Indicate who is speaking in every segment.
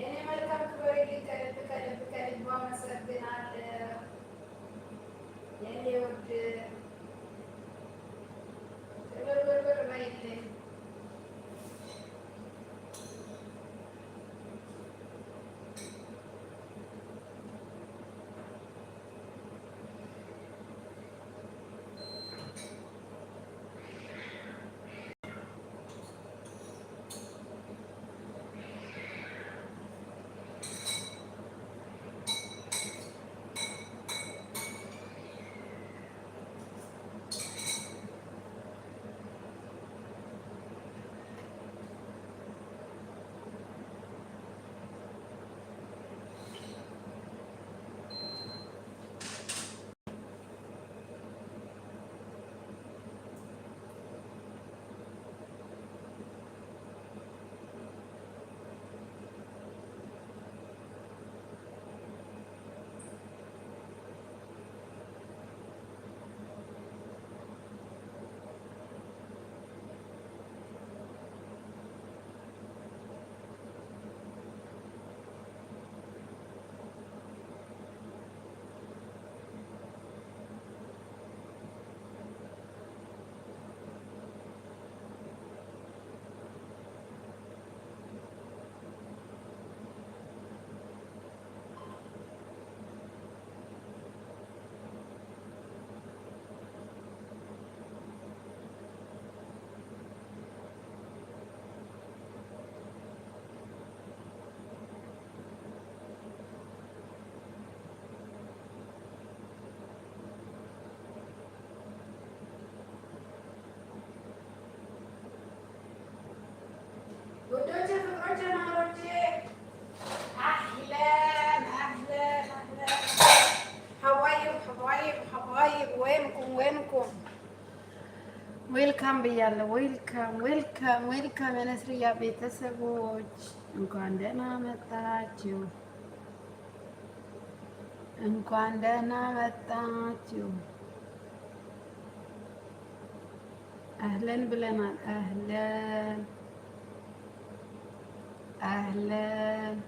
Speaker 1: የኔ መልካም ክብሬ ከልብ ከልብ ከልብ አመሰግናለሁ የኔ ውድ ዌልካም ብያለሁ። ዌልካም ዌልካም ዌልካም የነስርያ ቤተሰቦች እንኳን ደህና መጣችሁ፣ እንኳን ደህና መጣችሁ። አህለን ብለናል። አህለን አህለን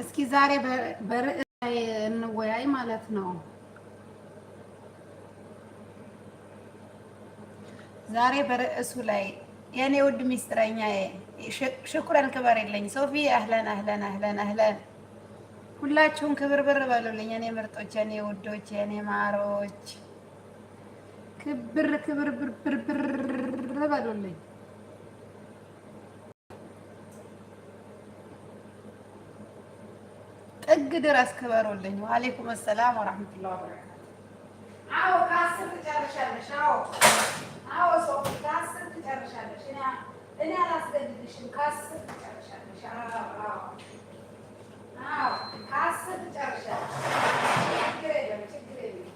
Speaker 1: እስኪ ዛሬ በርዕስ ላይ እንወያይ ማለት ነው። ዛሬ በርዕሱ ላይ የኔ ውድ ሚስጥረኛ ሽኩረን ክበር የለኝ ሶፊ አህለን አህለን አህለን አህለን ሁላችሁም ክብር ብር በሉልኝ። የኔ ምርጦች፣ የኔ ውዶች፣ የኔ ማሮች ክብር ክብር ብር ብር በሉልኝ። ጥግ ድረስ ክበሩልኝ። ዋሌኩም ሰላም ወራህመቱላ ወበረካቱ። አዎ ከአስር ትጨርሻለሽ። አዎ አዎ፣ ሰው ከአስር ትጨርሻለሽ። እኔ አላስገድድሽም። ከአስር ትጨርሻለሽ። አዎ ከአስር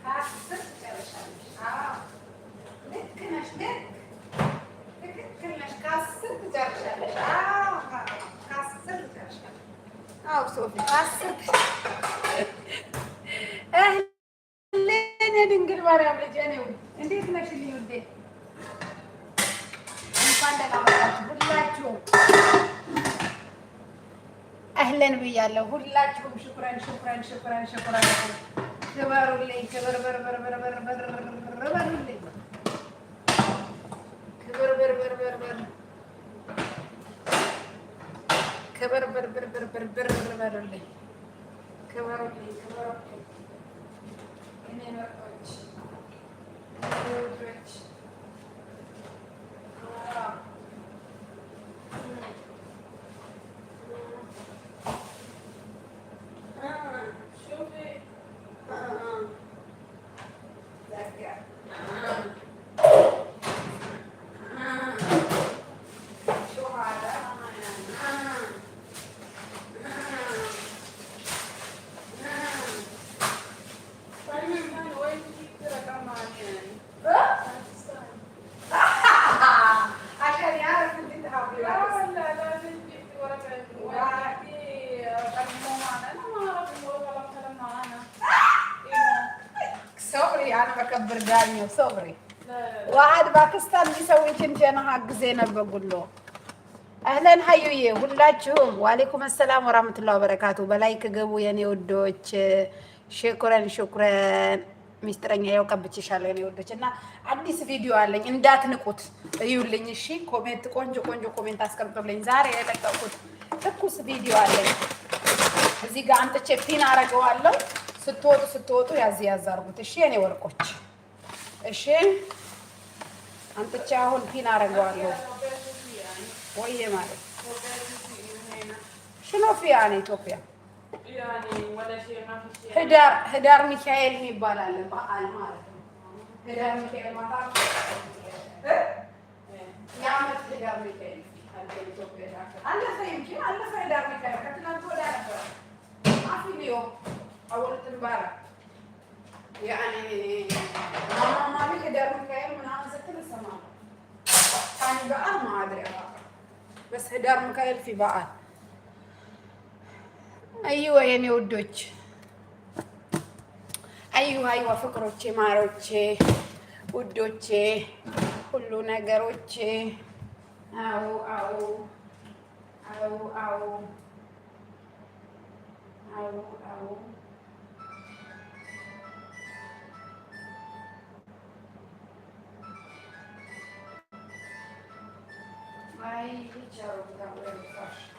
Speaker 1: ከአስር ትጨርሻለሽ። ልክ ነሽ፣ ልክ ትክክል ነሽ። ከአስር ትጨርሻለሽ። የድንግል ማርያም ልጅ እንዴት ነሽ? ልዩዴ እንኳን ደህና መጣችሁ ሁላችሁም። አህለን ብያለሁ። ሁላችሁም ሽኩረን ሽኩረን ሽኩረን ሽኩረን ክበሩልኝ፣ ክብር በርበርበርበርበርበርበርበርልኝ፣ ክብር በርበርበርበር qué ver, ver, ver, ver, ver, ver, ver, ver, ዳኘው ሶብሪ ዋሃድ ፓኪስታን ሊሰዊችን ጀና ሀግዜ ነበጉሎ አህለን ሀዩዬ ሁላችሁም ዋሌኩም አሰላም ወራህመቱላሂ ወበረካቱ። በላይክ ክገቡ የኔ ውዶች፣ ሽኩረን ሽኩረን። ሚስጥረኛ ያው ቀብቼሻለሁ የኔ ውዶች። እና አዲስ ቪዲዮ አለኝ እንዳትንቁት፣ እዩልኝ እሺ። ኮሜንት ቆንጆ ቆንጆ ኮሜንት አስቀምጡልኝ። ዛሬ የለቀቁት ትኩስ ቪዲዮ አለኝ። እዚህ ጋር አምጥቼ ፒን አረገዋለሁ። ስትወጡ ስትወጡ ያዝ ያዝ አርጉት እሺ የኔ ወርቆች። እሽን አምጥቼ አሁን ፒን አደርገዋለሁ። ወይዬ ማለት ሽኖፊያ ነው ኢትዮጵያ ህዳር ሚካኤል የሚባል አለ በዓል ማለት ነው። ህዳር ሚካኤል ማለት የዓመት ህዳር ሚካኤል አለፈ እንጂ አለፈ ህዳር ሚካኤል ከትናንት ወዲያ ነበረ አፍዮ አወልትን ባራ በዓል ነው በስ ህዳር ሚካኤል ፊ በዓል የኔ ውዶች፣ አይዋ ፍቅሮቼ፣ ማሮቼ፣ ውዶቼ፣ ሁሉ ነገሮቼ Vai, tchau, tchau, tchau.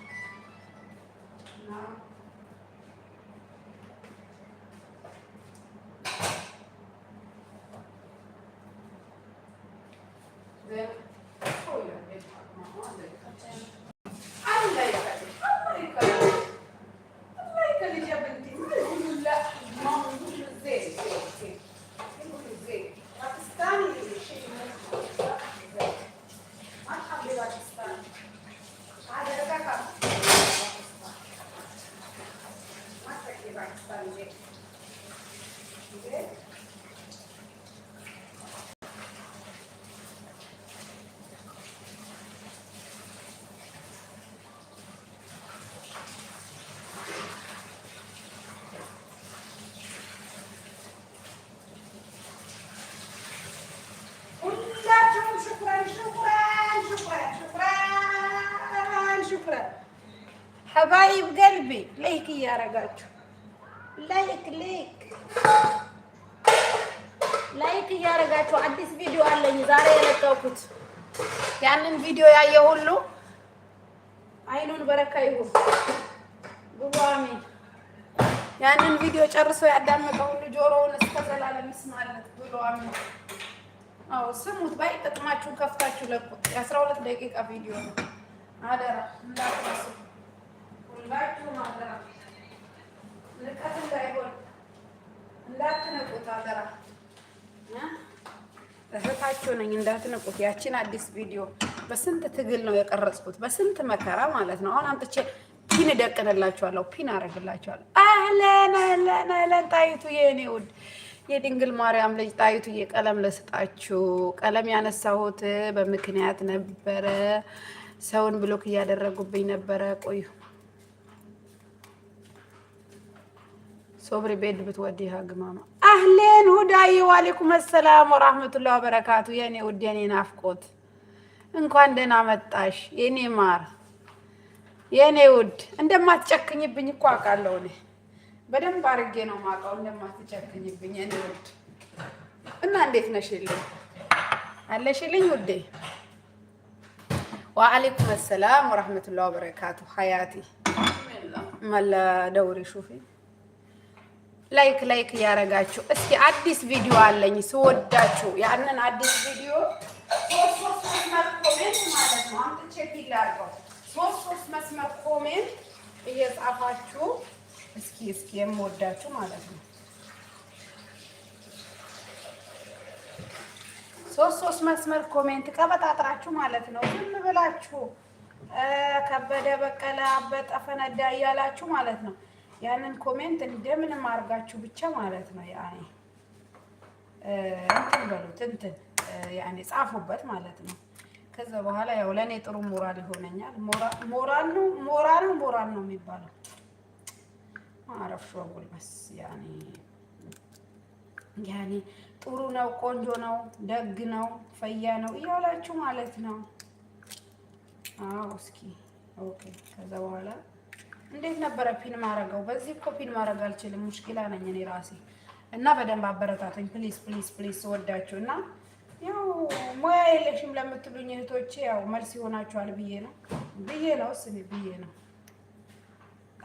Speaker 1: ሀባይብ ገልቤ ላይክ እያረጋችሁ ላይክ ላይክ ላይክ እያረጋችሁ አዲስ ቪዲዮ አለኝ ዛሬ የለቀኩት ያንን ቪዲዮ ያየ ሁሉ አይኑን በረካ ይሁን ግቡ፣ ያንን ቪዲዮ ጨርሶ ያዳመጠ ሁሉ ጆሮውን እስከ ዘላለም ይስማለት ብሎ አሜን። አዎ ስሙት፣ ባይ ጥቅማችሁን ከፍታችሁ ለቁት። የአስራ ሁለት ደቂቃ ቪዲዮ ነው። አደራ እንዳትረሱ። ሁላችሁ አደራ ልቀት እንዳይሆን እንዳትነቁት አደራ። እህታችሁ ነኝ እንዳትነቁት። ያችን አዲስ ቪዲዮ በስንት ትግል ነው የቀረጽኩት፣ በስንት መከራ ማለት ነው። አሁን አምጥቼ ፒን እደቅንላችኋለሁ፣ ፒን አደርግላችኋለሁ። አህለን አህለን አህለን ጣይቱ የእኔ ውድ የድንግል ማርያም ልጅ ጣይቱዬ ቀለም ለስጣችሁ። ቀለም ያነሳሁት በምክንያት ነበረ። ሰውን ብሎክ እያደረጉብኝ ነበረ። ቆዩ ሶብሪ ቤድ ብትወዲህ ግማማ አህሌን ሁዳይ ዋሌኩም አሰላም ወራህመቱላ ወበረካቱ። የኔ ውድ የኔ ናፍቆት እንኳን ደህና መጣሽ የኔ ማር የኔ ውድ። እንደማትጨክኝብኝ እኮ አውቃለሁ እኔ በደንብ አድርጌ ነው የማውቀው እንደማትጨክኝብኝ የኔ ውድ። እና እንዴት ነሽልኝ? አለሽልኝ ውዴ? ወአሌኩም አሰላም ወራህመቱላ ወበረካቱ። ሀያቲ መላ ደውሪ ሹፊ ላይክ ላይክ እያደረጋችሁ እስኪ አዲስ ቪዲዮ አለኝ ስወዳችሁ ያንን አዲስ ቪዲዮ ሶስት ሶስት መስመር ኮሜንት ማለት ነው ሶስት ሶስት መስመር ኮሜንት እየጻፋችሁ እስኪ እስኪ የምወዳችሁ ማለት ነው ሶስት ሶስት መስመር ኮሜንት ቀበጣጥራችሁ ማለት ነው። ዝም ብላችሁ ከበደ በቀለ አበጠ ፈነዳ እያላችሁ ማለት ነው። ያንን ኮሜንት እንደምንም አድርጋችሁ ብቻ ማለት ነው ያኔ እንትን በሉት እንትን ያኔ ጻፉበት ማለት ነው። ከዛ በኋላ ያው ለእኔ ጥሩ ሞራል ይሆነኛል። ሞራል ነው ሞራል ነው ሞራል ነው የሚባለው ማረፍ ጎልበስ ያኔ ያኔ ጥሩ ነው፣ ቆንጆ ነው፣ ደግ ነው፣ ፈያ ነው እያላችሁ ማለት ነው። አዎ እስኪ ኦኬ ከዛ በኋላ እንዴት ነበረ ፒን ማረገው? በዚህ እኮ ፒን ማድረግ አልችልም፣ ሙሽኪላ ነኝ እኔ ራሴ እና በደንብ አበረታተኝ ፕሊስ ፕሊስ ፕሊስ ስወዳችሁ እና ያው ሙያ የለሽም ለምትሉኝ እህቶቼ ያው መልስ ይሆናችኋል ብዬ ነው ብዬ ነው ስሚ ብዬ ነው።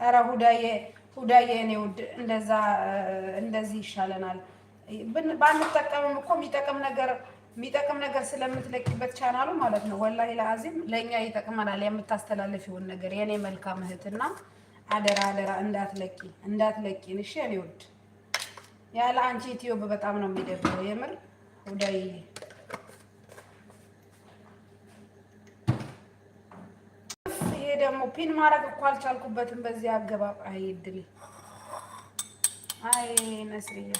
Speaker 1: ኧረ ሁዳዬ ሁዳዬ እኔ ውድ እንደዛ እንደዚህ ይሻለናል። ባንጠቀምም እኮ የሚጠቅም ነገር የሚጠቅም ነገር ስለምትለቂበት ቻናሉ ማለት ነው። ወላሂ ለአዚም ለእኛ ይጠቅመናል የምታስተላልፊውን ነገር የኔ መልካም እህትና አደራ አደራ እንዳትለቂ እንዳትለቂ። እሺ የኔ ውድ ያለ አንቺ ዩቲዩብ በጣም ነው የሚደብረው የምር ሁዳይ ይሄ ደግሞ ፒን ማድረግ እኮ አልቻልኩበትም በዚህ አገባብ። አይ እድሌ አይ ነስርያ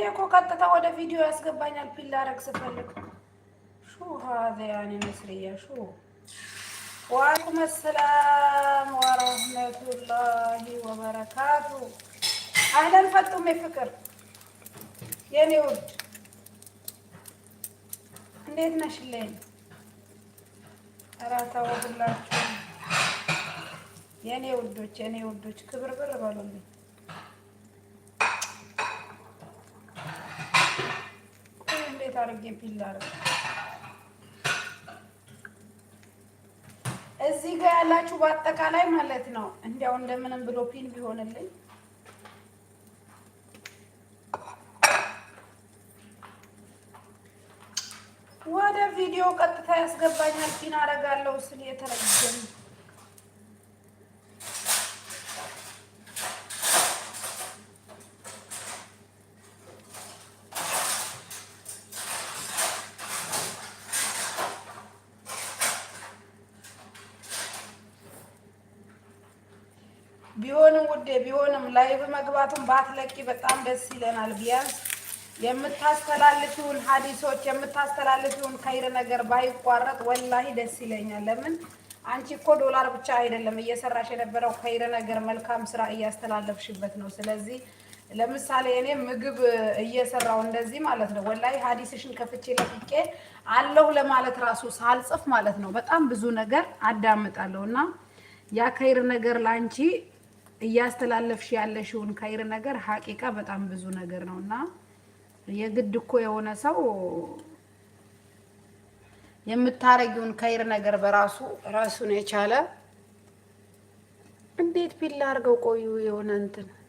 Speaker 1: እኔ እኮ ቀጥታ ወደ ቪዲዮ ያስገባኛል። ፒል ላደርግ ስፈልግ ሹ ያን መስርያ ሹ ዋአለይኩም አሰላም ወረህመቱላሂ ወበረካቱ። አህለን ፈጡሜ ፍቅር የኔ ውድ እንዴት ነሽለኝ? ኧረ ተው ሁላችሁ የኔ ውዶች የኔ ውዶች ክብር ብር በሉልኝ። አድርጌ ፒል እዚህ ጋር ያላችሁ በአጠቃላይ ማለት ነው። እንዲያው እንደምንም ብሎ ፒን ቢሆንልኝ ወደ ቪዲዮ ቀጥታ ያስገባኛል። ፒን አደርጋለሁ ስል የተረጀም ውዴ ቢሆንም ላይቭ መግባቱን ባትለቂ በጣም ደስ ይለናል። ቢያንስ የምታስተላልፊውን ሀዲሶች የምታስተላልፊውን ከይር ነገር ባይቋረጥ ወላሂ ደስ ይለኛል። ለምን አንቺ እኮ ዶላር ብቻ አይደለም እየሰራሽ የነበረው ከይር ነገር መልካም ስራ እያስተላለፍሽበት ነው። ስለዚህ ለምሳሌ እኔ ምግብ እየሰራው እንደዚህ ማለት ነው ወላሂ ሀዲስሽን ከፍቼ ለፍቄ አለሁ ለማለት ራሱ ሳልጽፍ ማለት ነው በጣም ብዙ ነገር አዳምጣለሁ እና ያ ከይር ነገር ለአንቺ እያስተላለፍሽ ያለሽውን ካይር ነገር ሀቂቃ በጣም ብዙ ነገር ነው እና የግድ እኮ የሆነ ሰው የምታረጊውን ካይር ነገር በራሱ ራሱን የቻለ እንዴት ቢላ አድርገው ቆዩ የሆነ እንትን